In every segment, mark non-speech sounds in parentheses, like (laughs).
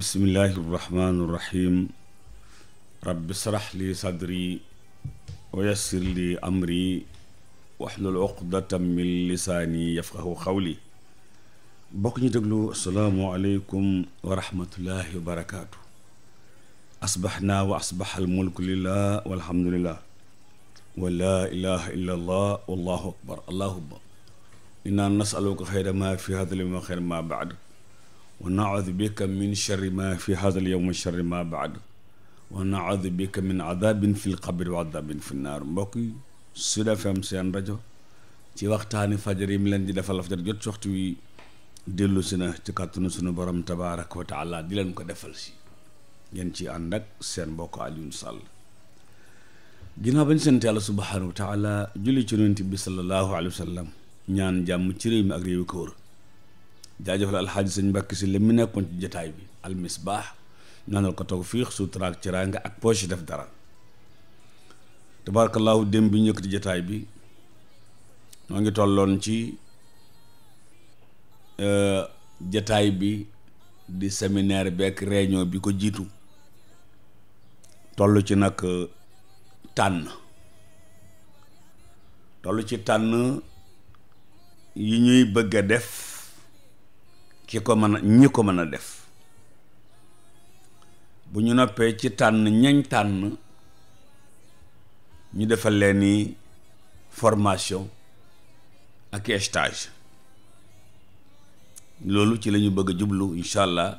bismillahi irrahmani irrahim rabbi srax li sadri wa yassir li amri waxlul uqdatam min lisaani yafqahu xawli bokk ñu déglu asalaamualeykum wa rahmatullahi wa barakaatu asbaxnaa wa asbax almulku lillah walhamdulillah wa laa ilaha illa allah wallahu akbar allahuma inna nasaluka xayra ma fi hada lima xayra ma baad wa naudu bika min sharri ma fi hada alyowm wa sharri ma baad wa naudu bika min adabin fi lqabri wa adabin fi naar mbokk yi Sud FM seen rajo ci waxtaani fajar yi mi leen di defal fajar jot waxtu wi dellu si na ci kàttanu sunu borom tabaraka wa taala di leen ko defal si ngeen ci ànd ak seen mbokk Alioune Sall ginnaaw bañ sant yàlla subhanahu wa taala julli ci yonent bi sallallahu alayhi wa sallam ñaan jàmm ci réew mi ak réewi ko wër jaajëfal alxaaji sëñ mbàkki si lém mu nekkoon ci jataay bi almisbaax ñaanal ko tawfiix sutura ci rang ak poche def dara tabaarakallaahu démb bi ñu yëkkati jataay bi moo ngi tolloon ci euh, jataay bi di séminaire bi ak réunion bi ko jiitu toll ci nag euh, tànn toll ci tànn yi ñuy bëgg a def ki ko mën a ñi ko mën a def bu ñu noppee ci tànn ñañ tànn ñu defal leen ni formation ak stage loolu ci lañu bëgg jublu incha allah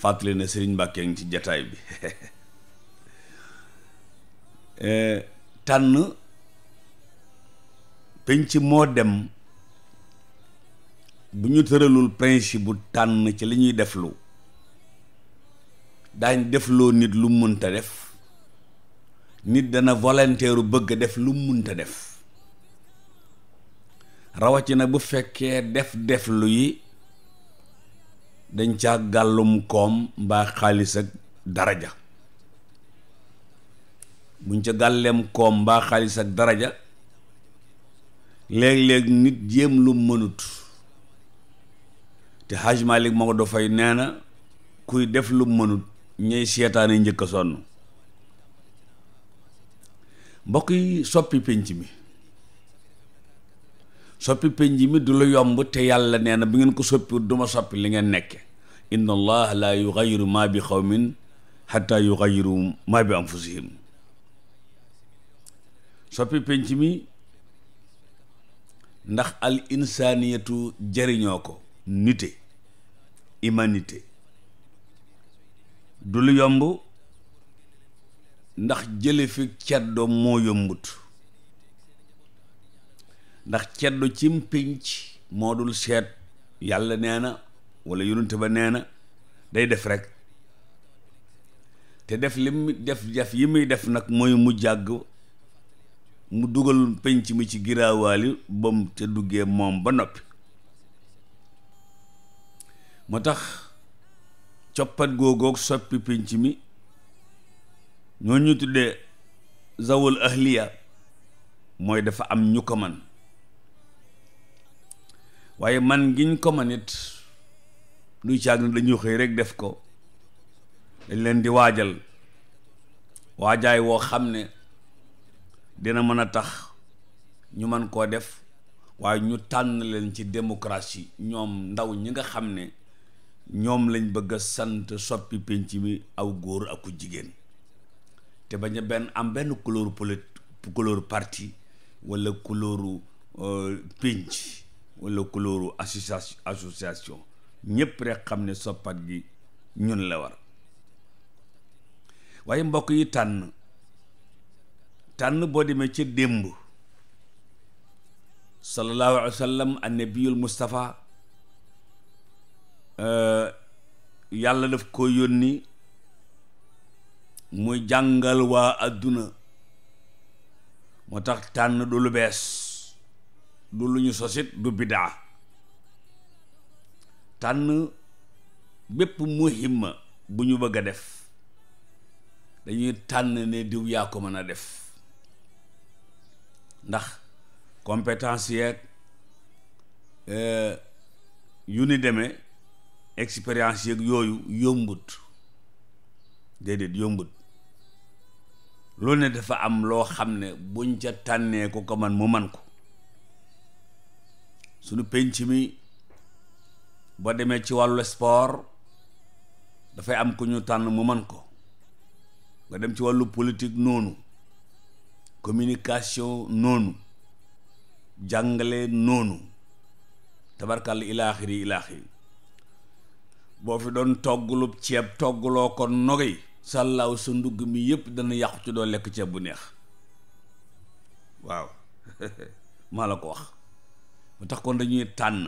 fàttali na Serigne Mbàkke ngi ci jataay bi (laughs) eh, tànn penc moo dem bu ñu tëralul principe bu tànn ci li ñuy deflu daañ defloo nit lu munta def nit dana volontaire bëgg def lu munta def rawatina bu fekkee def deflu yi dañ ca gàllum koom mbaa xaalis ak daraja buñ ca gàlleem koom mbaa xaalis ak daraja léeg-léeg nit jéem lu mënut te Haj Malik Maodo Faye nee na kuy def lu mënut ñey seetaane njëkk a sonn mbokk yi soppi pénc mi soppi pénc mi du lu yomb te yàlla nee na bu ngeen ko soppiwut duma soppi li ngeen nekke inna allah la yugayiru ma bi xawmin xatta yugayiru ma bi anfusihim soppi pénc mi ndax al insaniyatu jëriñoo ko nité humanité dul lu yomb ndax jële fi ceddo moo yombut ndax ceddo cim pinc moo dul seet yàlla nee na wala yonent ba nee na day def rekk te def li def def yi muy def nag mooy mu jàgg mu dugal penc mi ci giraawaali ba te ca duggee moom ba noppi moo tax coppat googook soppi pénc mi ñoo ñu tuddee zawul ahliya mooy dafa am ñu ko man waaye man giñ ko man it luy caag na dañuy xëy rek def ko dañ leen di waajal waajaay woo xam ne dina mën a tax ñu mën koo def waaye ñu tànn leen ci démocratie ñoom ndaw ñi nga xam ne ñoom lañ bëgg a sant soppi penc mi aw góor aku jigéen te bañ a benn am benn couleur politique couleur parti walla couleuru penc wala couleuru euh, association association ñëpp rek xam ne soppat gi ñun la war waaye mbokk yi tànn tànn boo demee ci démb sallallahu alayhi wa annabiyul Mustafa Euh, yàlla def ko yónni muy jàngal waa adduna moo tax tànn du lu bees du lu ñu sosit du bidaa tànn bépp muhimma bu ñu bëgg a def dañuy tànn ne diw yaa ko mën a def ndax compétence yeeg euh, yu ni demee expérience yeeg yooyu yombut déedéet yombut loolu ne dafa am loo xam ne buñ ca tànnee ko ko man mu man ko suñu penc mi boo demee ci wàllu sport dafay am ku ñu tànn mu man ko nga dem ci wàllu politique noonu communication noonu jàngale noonu tabarkàll ilaaxiri ilaaxiri boo fi doon toggulub ceeb togguloo ko nogi sàllaaw sa ndugg mi yépp dana yàqu ci doo lekk ceeb bu neex waaw (laughs) maa la ko wax mu tax kon dañuy tànn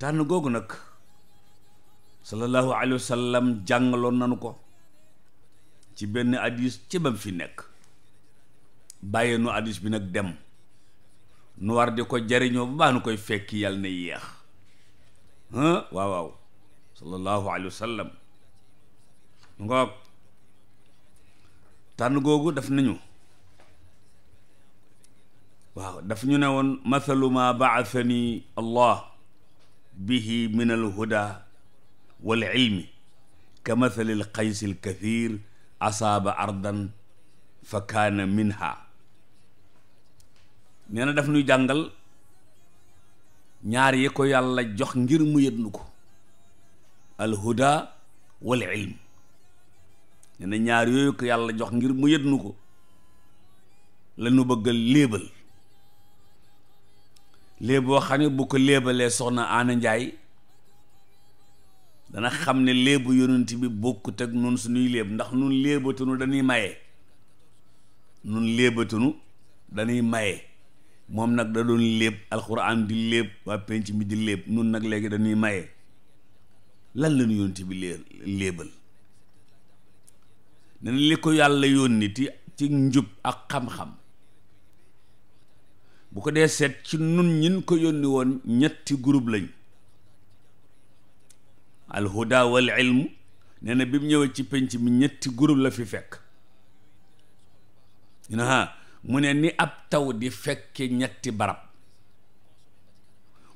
tànn googu nag sallallahu alayhi wa sallam jàngaloon nanu ko ci benn hadis ci bam fi nekk bàyyee nu hadis bi nag dem nu war di ko jariñoo ba nu koy fekki yàlla na yeex waaw waaw sallallahu alayhi wa sallam ngoog tànn googu daf nañu waaw daf ñu ne woon mathalu ma ba'athani allah bihi min alhuda wal ilmi ka mathali alqays alkathir asaaba ardan fa kaana minha nee na daf ñuy jàngal ñaar yi ko yàlla jox ngir mu yët nu ko alhuda wal ilm nee ñaar yooyu ko yàlla jox ngir mu yët nu ko lanu bëgg léebal léeb boo xam ne bu ko léebalee soxna Aana Njaay dana xam ne léebu yonent bi bokkut ak nun suñuy léeb ndax nun léebatunu dañuy maye nun léebatunu dañuy maye moom nag da doon lépp alxuraan di lépp waa penc mi di lépp nun nag léegi dañuy maye lan la ñu yónni bi léebal ne li ko yàlla yoon yónni ti ci njub ak xam-xam bu ko dee seet ci nun ñin ko yónni woon ñetti groupe lañ alhuda wal ilmu nee na bi mu ñëwee ci penc mi ñetti groupe la fi fekk ñu mu ne ni ab taw di fekkee ñetti barab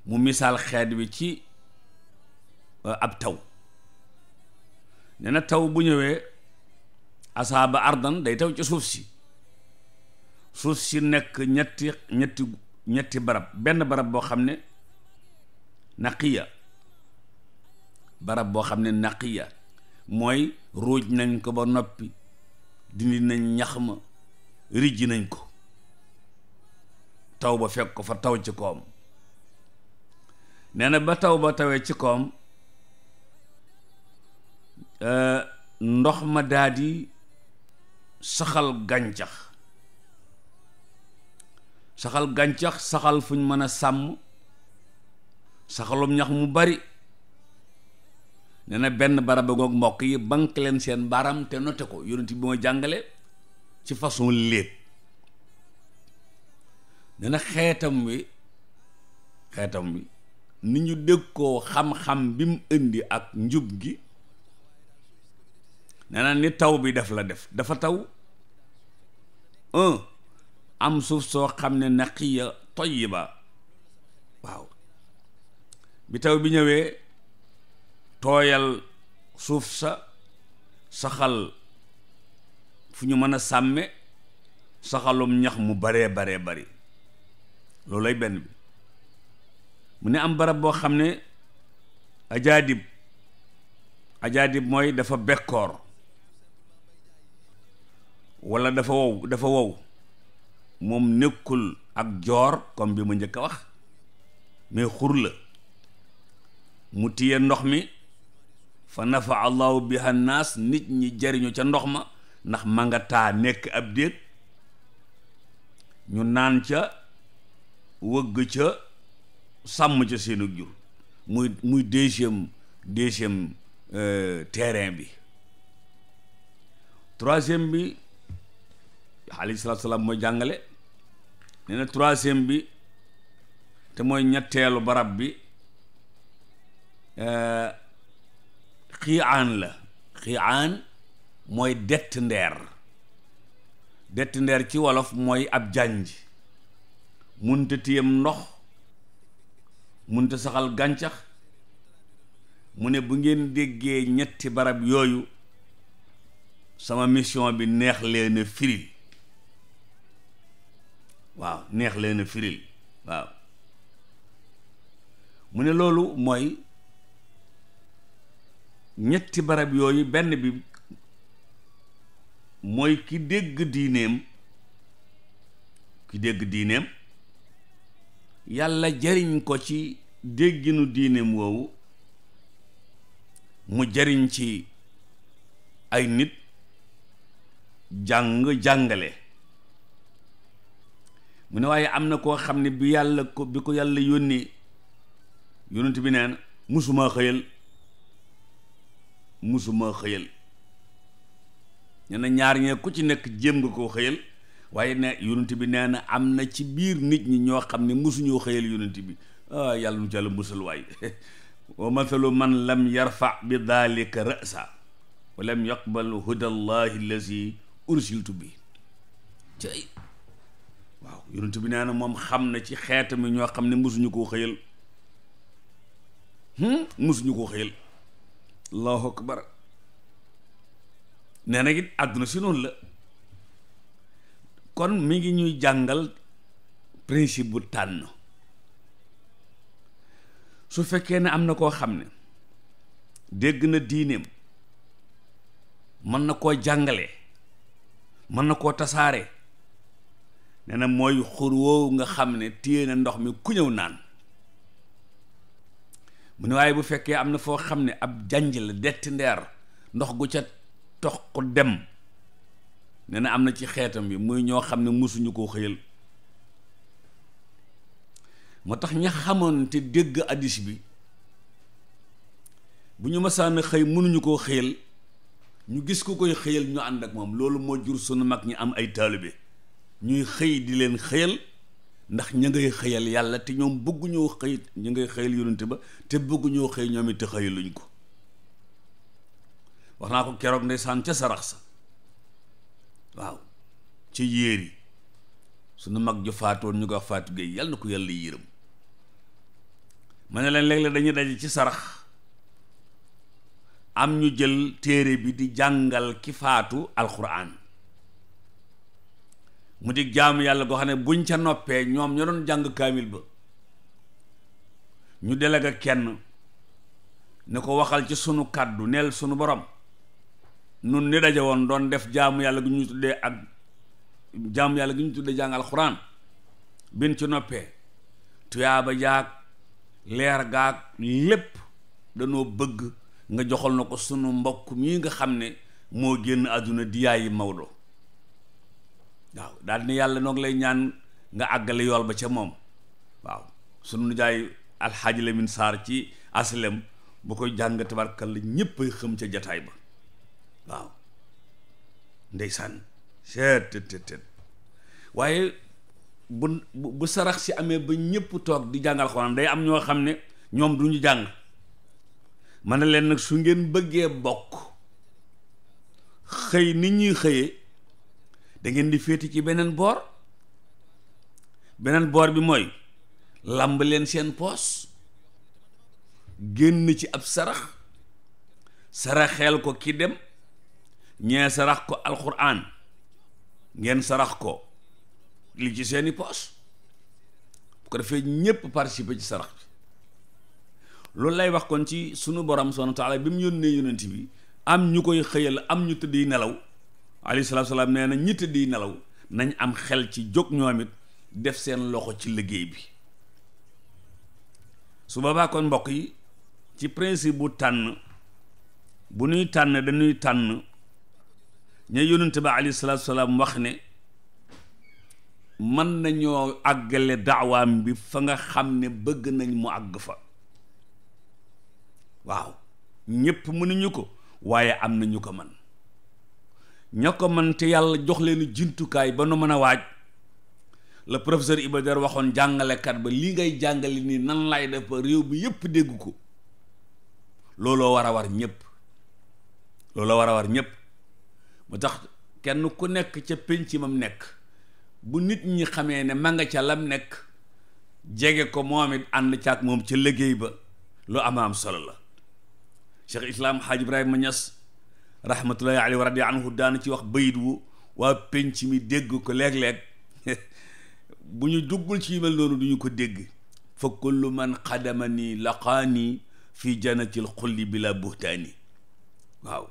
mu misaal xeet wi ci euh, ab taw nee taw bu ñëwee asaaba ardan day taw ci suuf si suuf si nekk ñetti ñetti ñetti barab benn barab boo xam ne naqiya barab boo xam ne naqiya mooy ruuj nañ ko ba noppi dindi nañ ñax ma rijji nañ ko taw ba fekk ko fa taw ci koom nee na ba taw ba tawee ci koom e, ndox ma daa di saxal gàncax saxal gàncax saxal fuñ mën a sàmm saxalum ñax mu bari nee na benn barab goog mbokk yi bank leen seen baram te note ko yonent bi moo jàngale ci façon léeb nee na xeetam wi xeetam wi ni ñu dégg koo xam-xam bi mu indi ak njub gi nee na ni taw bi def la def dafa taw am suuf soo xam ne naqiya tayyiba waaw bi taw bi ñëwee tooyal suuf sa saxal fu ñu mën a sàmme saxalum ñax mu baree baree bari loolay benn bi mu ne am barab boo xam ne ajaadib ajaadib mooy dafa bekkoor wala dafa wow dafa wow moom nekkul ak joor comme bi ma njëkk a wax mais xur la mu tiye ndox mi fa nafa allahu biha naas nit ñi jariñu ca ndox ma ndax ma nga taa nekk ab déeg ñu naan ca wëgg ca sàmm ca seenu jur muy muy deuxième deuxième euh, terrain bi troisième bi alayhi salaam mooy jàngale nee na troisième bi te mooy ñetteelu barab bi euh, xii aan la xii aan mooy dett ndeer dett ndeer ci wolof mooy ab jànj munta téyam ndox munta saxal gàncax mu ne bu ngeen déggee ñetti barab yooyu sama mission bi neex leen firil waaw neex leen a firil waaw mu ne loolu mooy ñetti barab yooyu benn bi mooy ki dégg diineem ki dégg diineem yàlla jariñ ko ci dégginu diineem woowu mu jariñ ci ay nit jàng jàngale mu ne waaye am na koo xam ne bi yàlla ko bi ko yàlla yónni yonent bi neen musuma xëyal musuma xëyal nee na ñaar ñee ku ci nekk jéem nga koo xëyal waaye ne yonent bi nee na am na ci biir nit ñi ñoo xam ne mosuñoo xëyal yonent bi ah yàlla nu ci yàlla musal waay (laughs) wa mathalu man lam yarfa bi dalika rasa wa lam yaqbal bi ci waaw yonent bi nee na moom xam na ci xeetami ñoo xam ne mosuñu koo xëyal musuñu hmm? koo xëyal allahu akbar nee na it àdduna si noonu la kon mi ngi ñuy jàngal principe bu tànn su fekkee ne am na koo xam ne dégg na diineem mën na koo jàngale mën na koo tasaare nee na mooy xuur woowu nga xam ne téye na ndox mi ku ñëw naan mu ne waaye bu fekkee am na foo xam ne ab janj la detti ndeer ndox gu ca toq dem ne na am na ci xeetam bi muy ñoo xam ne musuñu koo xëyal moo tax ña xamoon te dégg addis bi bu ñu masaan xëy mënuñu koo xëyal ñu gis ku koy xëyal ñu ànd ak moom loolu moo jur sunu mag ñi am ay taalibe ñuy xëy di leen xëyal ndax ña ngay xëyal yàlla te ñoom bëgguñoo xëy ñu ngay xëyal yonente ba te bëgguñoo xëy ñoom it te xëyaluñ ko wax naa ko keroog ndeysaan ca sarax sa waaw ci yéer yi suñu mag ju faatoon ñu ko faatu géey yàlla na ko yàlla yërëm ma ne leen léeg-léeg dañuy daje ci sarax am ñu jël téere bi di jàngal ki faatu alxuraan mu di jaamu yàlla goo xam ne buñ ca noppee ñoom ñoo doon jàng kaamil ba ñu délégué kenn ne ko waxal ci sunu kàddu neel sunu borom nun ni daje doon def jaamu yàlla gi ñu tuddee ak jaamu yàlla gi ñu tuddee jàng alxuraan bin ci noppee tuyaaba jaag leer lépp danoo bëgg nga joxal na ko sunu mbokk mii nga xam ne moo génn àdduna di yaayi Maodo yàlla noo lay ñaan nga àggale yool ba ca moom waaw nijaay alxaaji Lamin Saar ci aslem bu koy jàng tabarkal la ñépp xëm ca jataay ba waaw ndeysaan seet tët tët waaye bu bu sarax si amee ba ñëpp toog di jàngal xonam day am ñoo xam ne ñoom du ñu jàng ma ne leen nag su ngeen bëggee bokk xëy nit ñuy xëyee da ngeen di féete ci beneen boor beneen boor bi mooy làmb leen seen poos génn ci ab sarax saraxeel ko kii dem ñee sarax ko alxuraan ngeen sarax ko li ci seeni poos bu ko defee ñépp participer ci sarax bi loolu lay wax kon ci sunu boroom subhanahu wa bi mu yónnee yonent bi am ñu koy xëyal am ñu tëddi nelaw alayhi salaatu salaam nee na ñi tëddi nelaw nañ am xel ci jóg ñoom it def seen loxo ci liggéey bi su boobaa kon mbokk yi ci principe bu tànn bu ñuy tànn dañuy tànn ña yonent ba alayhi wax ne mën nañoo àggale daawaan bi fa nga xam ne bëgg nañ mu àgg fa waaw ñépp mënuñu ko waaye am na ñu ko man ña ko man te yàlla jox leen jintukaay ba nu mën a waaj la professeur Iba Der waxoon jàngalekat ba li ngay jàngale nii nan laay def réew bi yépp dégg ko looloo war a war ñépp looloo war a war ñépp mu tax kenn ku nekk ca penc mam nekk bu nit ñi xamee ne ma nga ca lam nekk jege ko moom it ànd caag moom ca liggéey ba lu am am solo la Cheikh Islam Haaj Ibrahima Ñas rahmatullahi alayhi wa ci wax bayit wu waa penc mi dégg ko léeg-léeg (laughs) bu ñu duggul ci mel noonu du ñu ko dégg fa kullu man xadama nii laqaa nii fii janatil xulli bila buhtaani waaw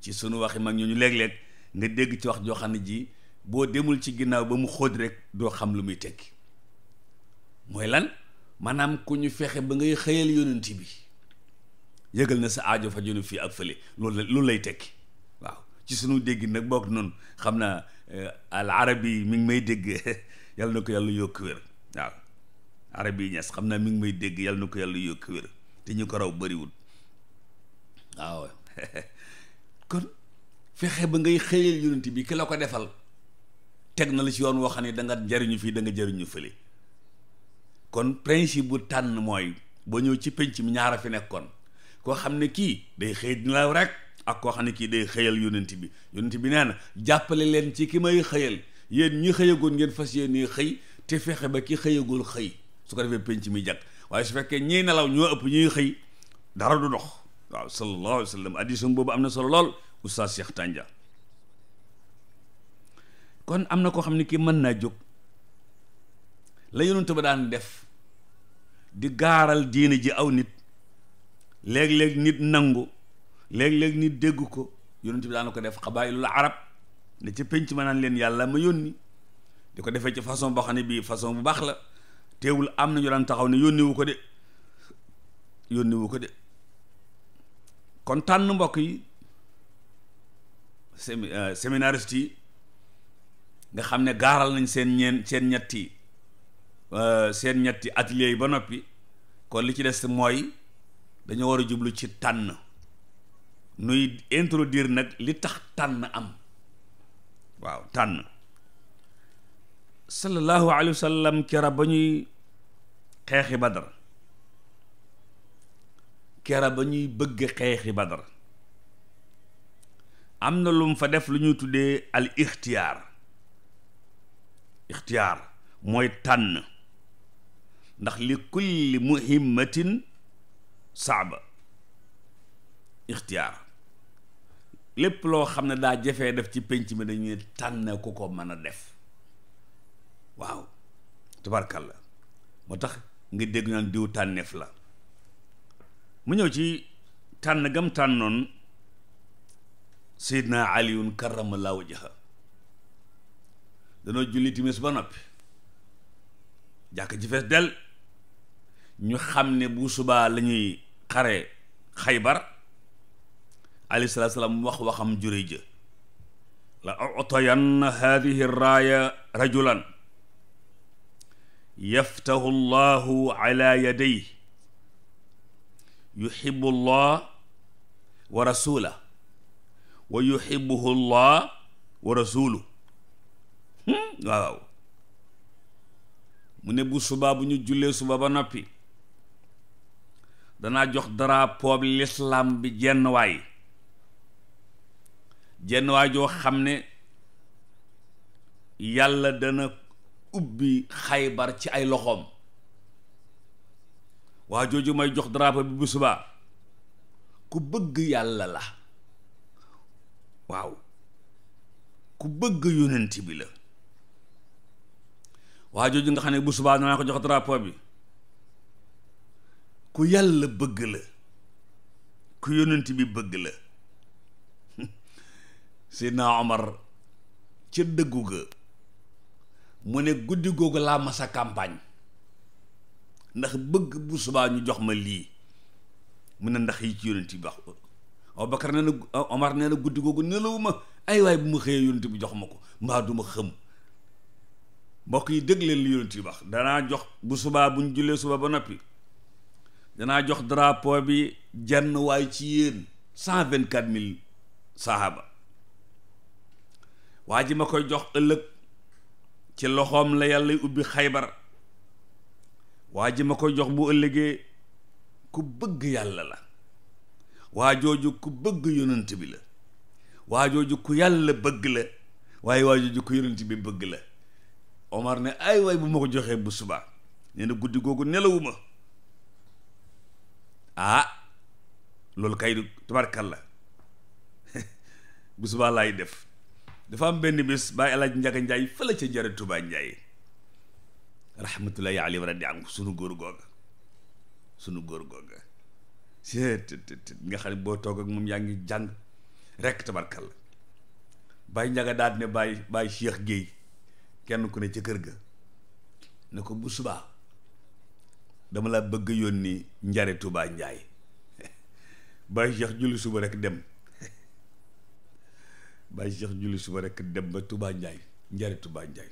ci sunu waxi mag ñoo ñu léeg-léeg nga dégg ci wax joo ne ji boo demul ci ginnaaw ba mu xóot rek doo xam lu muy tekki mooy lan maanaam ku ñu fexe ba ngay xëyal yonent bi yëgal na sa aajo fa jonu fii ak fële loolu loolu lay tekki waaw ci sunu dégg nag bokk noonu xam naa eh, al arabi mi ngi may dégg (laughs) yàlla na ko yàlla yokk wér waaw arabi ñes xam naa mi ngi may dégg yàlla na ko yàlla yokk wér te ñu ko raw bëriwul waaw (laughs) kon fexe ba ngay xëyal yonent bi ki la ko defal teg na la ci yoon woo xam ne da jariñu fii da nga jariñu fële kon principe bu tànn mooy ba ñëw ci penc mi ñaar a fi nekkoon koo xam ne kii day xëy dina la rek ak koo xam ne kii day xëyal yonent bi yonent bi nee na jàppale leen ci ki may xëyal yéen ñi xëyagoon ngeen fas yéenee xëy te fexe ba ki xëyagul xëy su ko defee penc mi jag waaye su fekkee ñiy nelaw ñoo ëpp ñuy xëy dara du dox waaw sallallahu alayhi wa sallam boobu am na solo lool oustaz Cheikh Tànja kon am na koo xam ne kii mën naa jóg la yonent ba daan def di gaaral diine ji aw nit léeg-léeg nit nangu léeg-léeg nit dégg ko yonent bi daana ko def la arab ne ca pénc ma naan leen yàlla ma yónni di ko defee ci façon boo xam ne bii façon bu baax la teewul am na ñu daan taxaw ne yónni ko de yónni ko de kon tànn mbokk yi sémi euh, séminariste yi nga xam ne gaaral nañ seen ñeen seen ñetti euh, seen ñetti atelier yi ba noppi kon li ci des mooy dañoo war a jublu ci tànn nuy introduire nag li tax tànn am waaw tànn sallallahu alayhi wa sallam kera ba ñuy xeexi badar kera ba ñuy bëgg xeexi badar am na lum fa def lu ñuy tuddee al ixtiyaar ixtiyaar mooy tànn ndax li kulli muhimmatin saaba ixtiyaar lépp loo xam ne daa jafee def ci pénc mi dañuy tànn ku ko mën a def waaw tabarkalla moo tax nga dégg naan diw tànneef la mu ñëw ci tànn gam tànnoon Seydina Aliyun karramallahu wajhahu danoo julli timis ba noppi jàkk ji del ñu xam ne bu subaa la ñuy xare xaybar alayhi salaatu salaam wax waxam jure la utayanna hadihi raaya rajulan yaftahu llahu ala yadayhi yuhibbu llah wa rasula wa yuhibbuhu hmm? waaw mu ne bu bu ñu jullee suba ba noppi danaa jox drapeau bi bi jenn waay jenn waay joo xam ne yàlla dana ubbi xaybar ci ay loxoom waa jooju may jox drapeau bi bu subaa ku bëgg yàlla la waaw ku bëgg yonent bi la waa jooju nga xam ne bu subaa danaa ko jox drapeau bi ku yàlla bëgg la ku yonent bi bëgg la (laughs) Seydina Omar ca dëggu ga mu ne guddi googu laa sa campagne ndax bëgg bu subaa ñu jox ma lii mun na ndax yi ci yonent bi wax Abubakar nee na Omar nee na guddi googu nelawuma ay waay bu ma xëyee yonent bi jox ma ko mbaa du ma xëm mbokk yi dégg leen li yonent bi wax danaa jox bu subaa bu ñu jullee suba ba noppi danaa jox drapeau bi jenn waay ci yéen cent vingt quatre mille sahaba waa ji ma koy jox ëllëg ci loxoom la yàlla ubbi xaybar waa ji ma ko jox mu ëllëgee ku bëgg yàlla la waa jooju ku bëgg yonent bi la waa ku yàlla bëgg la waaye waa jooju ku yonent bi bëgg la Omar ne ay waay bu ma ko joxee bu subaa nee na guddi googu nelawuma ah loolu kay la (laughs) bu subaa laay def dafa am benn bis bàyyi alaaj njaga njaay la ca jare tubaa njaay rahmatullahi alayhi radi anhu sunu góor googa sunu góor googa seet nga xam ne boo toog ak moom yaa ngi jàng rek tabarkal la bàyyi njaga daat ne bàyyi bàyyi Cheikh Guèye kenn ku ne ca kër ga ne ko bu suba dama la bëgg yónni njare Touba Njaay (laughs) bàyyi Cheikh julli suba rek dem (laughs) dem ba tubaa Njaay njare Touba Njaay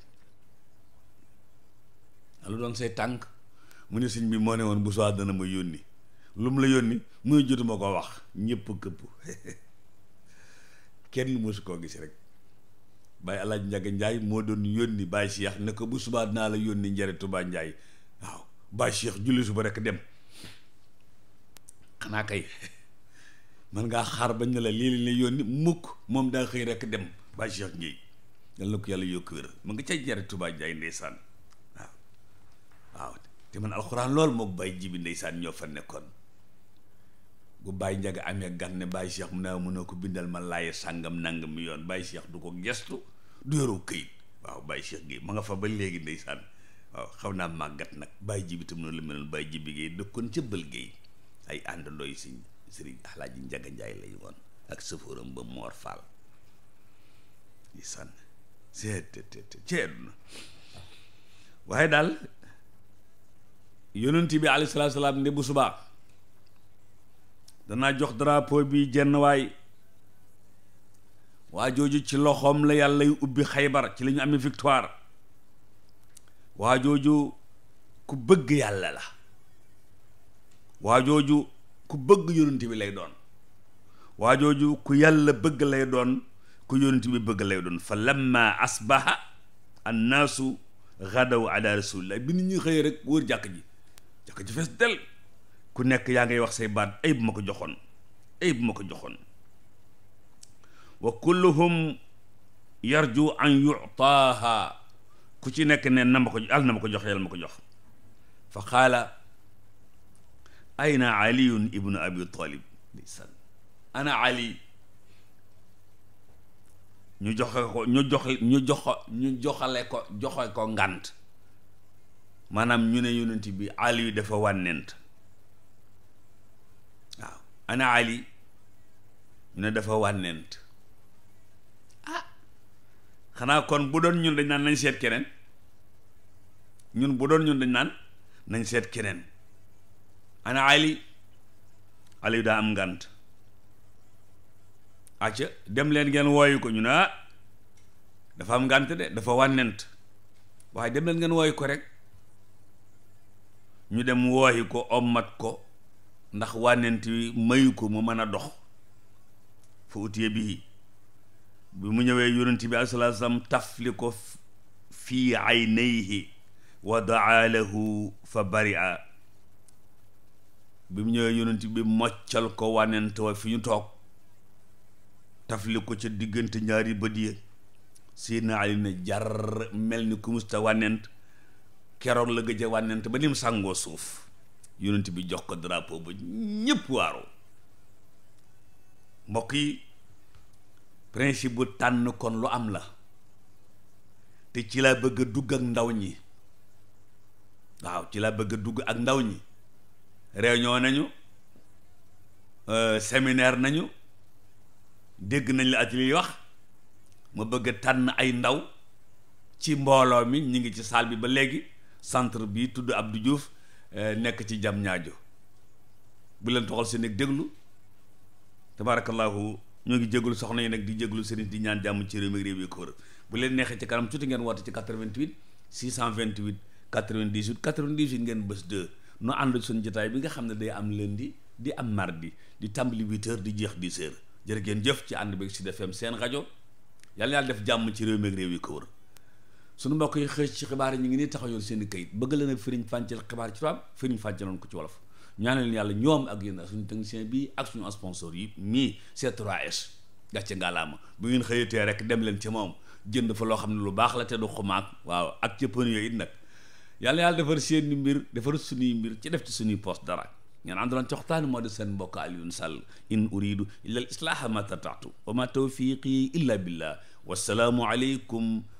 lu doon say tànk mu ne sëñ bi moo ne woon bu soo dana ma yónni lu mu la yónni muy jotuma ko wax ñëpp këpp (laughs) kenn mosu koo gis rek Baye El Hadj Ndiaga moo doon yónni Baye Cheikh ne ko bu subaa dinaa la yónni njare tubaa njaay waaw Baye Cheikh julli suba rek dem xanaa kay (laughs) man ngaa xaar bañ ne la lii lañ yónni mukk moom daa xëy rek dem Baye Cheikh Ndiaye yal na ko yàlla yokk wér mu nga ca njare Touba Ndiaye ndeysaan waaw te man alxuraan lool mook bàyyi jibi ndeysaan ñoo fa nekkoon bu bàyyi njaga amee gan ne bàyyi cheikh mu naa mënoo ko bindal ma laaye sàngam nangam yoon bàyyi seex du ko gestu du yoru këyit waaw bàyyi cheikh gi ma nga fa ba léegi ndeysaan waaw xaw naa màggat nag bàyyi jibi tam noonu la meloon bàyyi jibi géey dëkkoon ca bël géey ay àndandooy si sëriñ alaaji njaga njaay lay woon ak sëfóoram ba moor faal di sànn seet te te te waaye daal yonent bi alayhi salaatu salaam ne bu subaa danaa jox drapeau bi jenn waay waa jooju ci loxoom la yàlla yu ubbi xaybar ci la ñu amee victoire waa jooju ku bëgg yàlla la waa jooju ku bëgg lay doon waa jooju yàlla bëgg lay doon ku yonent bi bëgg lay doon fa lamma asbaha annaasu gadaw ala rasulillah bi nit ñuy xëyee rek wër jàkk ji jàkka ju fees del ku nekk yaa ngay wax say baat ay bu ma ko joxoon ay bu ma ko joxoon wa kulluhum yarju an yu'taaha ku ci nekk ne na ma ko al na ma ko jox yàlla ma ko jox fa qaala ayna aliyun ibnu abi talib ndeysaan ana ali ñu joxe ko ñu jox ñu jox ñu joxale ko joxe ko ngànt maanaam ñu ne yonent bi Aliyu dafa wànnent waaw ana Ali ñu ne dafa wànnent ah xanaa kon bu doon ñun dañ naan nañ seet keneen ñun bu doon ñun dañ naan nañ seet keneen ana Ali yi daa am ngànt acca dem leen ngeen wooyu ko ñu ne ah, dafa am ngànt de dafa wànnent waaye dem leen ngeen wooyu ko rek ñu dem wooyi ko ommat ko ndax wànnent wi mayu ko mu mën a dox fa utiye bii bi mu ñëwee yonent bi alayhi salaatu salaam ko fii aynayhi wa daa lahu fa bari a bi mu ñëwee yonent bi moccal ko wànnent wa fi ñu toog tafli ko ca diggante ñaari bët yi Seydina Ali ne jar mel ni ku musta wànnent keroog la gëj a wànnent ba mu sàngoo suuf yonent bi jox ko drapeau ba ñëpp waaru mbokk yi principe bu tànn kon lu am la te ci laa bëgg a dugg ak ndaw ñi waaw ci laa bëgg a dugg ak ndaw ñi réunion nañu euh, séminaire nañu dégg nañ la atelier wax ma bëgg tànn ay ndaw ci mbooloo mi ñu ngi ci saal bi ba léegi centre bi tudd ab Abdou Diouf eh, nekk ci jam ñaajo bu leen toxal seen ak déglu tabaarakallaahu ñoo ngi jégalu soxna yi nag di jégalu sëriñ di ñaan jàmm ci réew mi réew yi ko wër bu leen neexee ci kanam tuuti ngeen woote ci 88 628 98 98 ngeen bés 2 nu ànd suñu jotaay bi nga xam ne day am lundi di am mardi di tàmbali 8 di jeex 10h jërë ngeen jëf ci ànd beeg Sud FM seen rajo yàlla yàlla def jàmm ci réew mi réew yi ko wër. suñu mbokk yi xëy ci xibaar yi ñu ngi nii taxaw yoon seen i kayit bëgg la nag firiñ fàncal xibaar ci tubaab firiñ fàncaloon ko ci wolof ñaanal leen yàlla ñoom ak rek dem leen ci moom jënd fa loo xam ne lu baax la te du xumaag waaw ak ca pën yooyu it nag yàlla yàlla defar seen mbir defar suñuy mbir ci def ci suñuy poste dara ngeen àndoon ci waxtaan moo di seen mbokk Alioune Sall in uridu illa al islaaha ma tataatu wa ma tawfiqi illa billah wassalaamu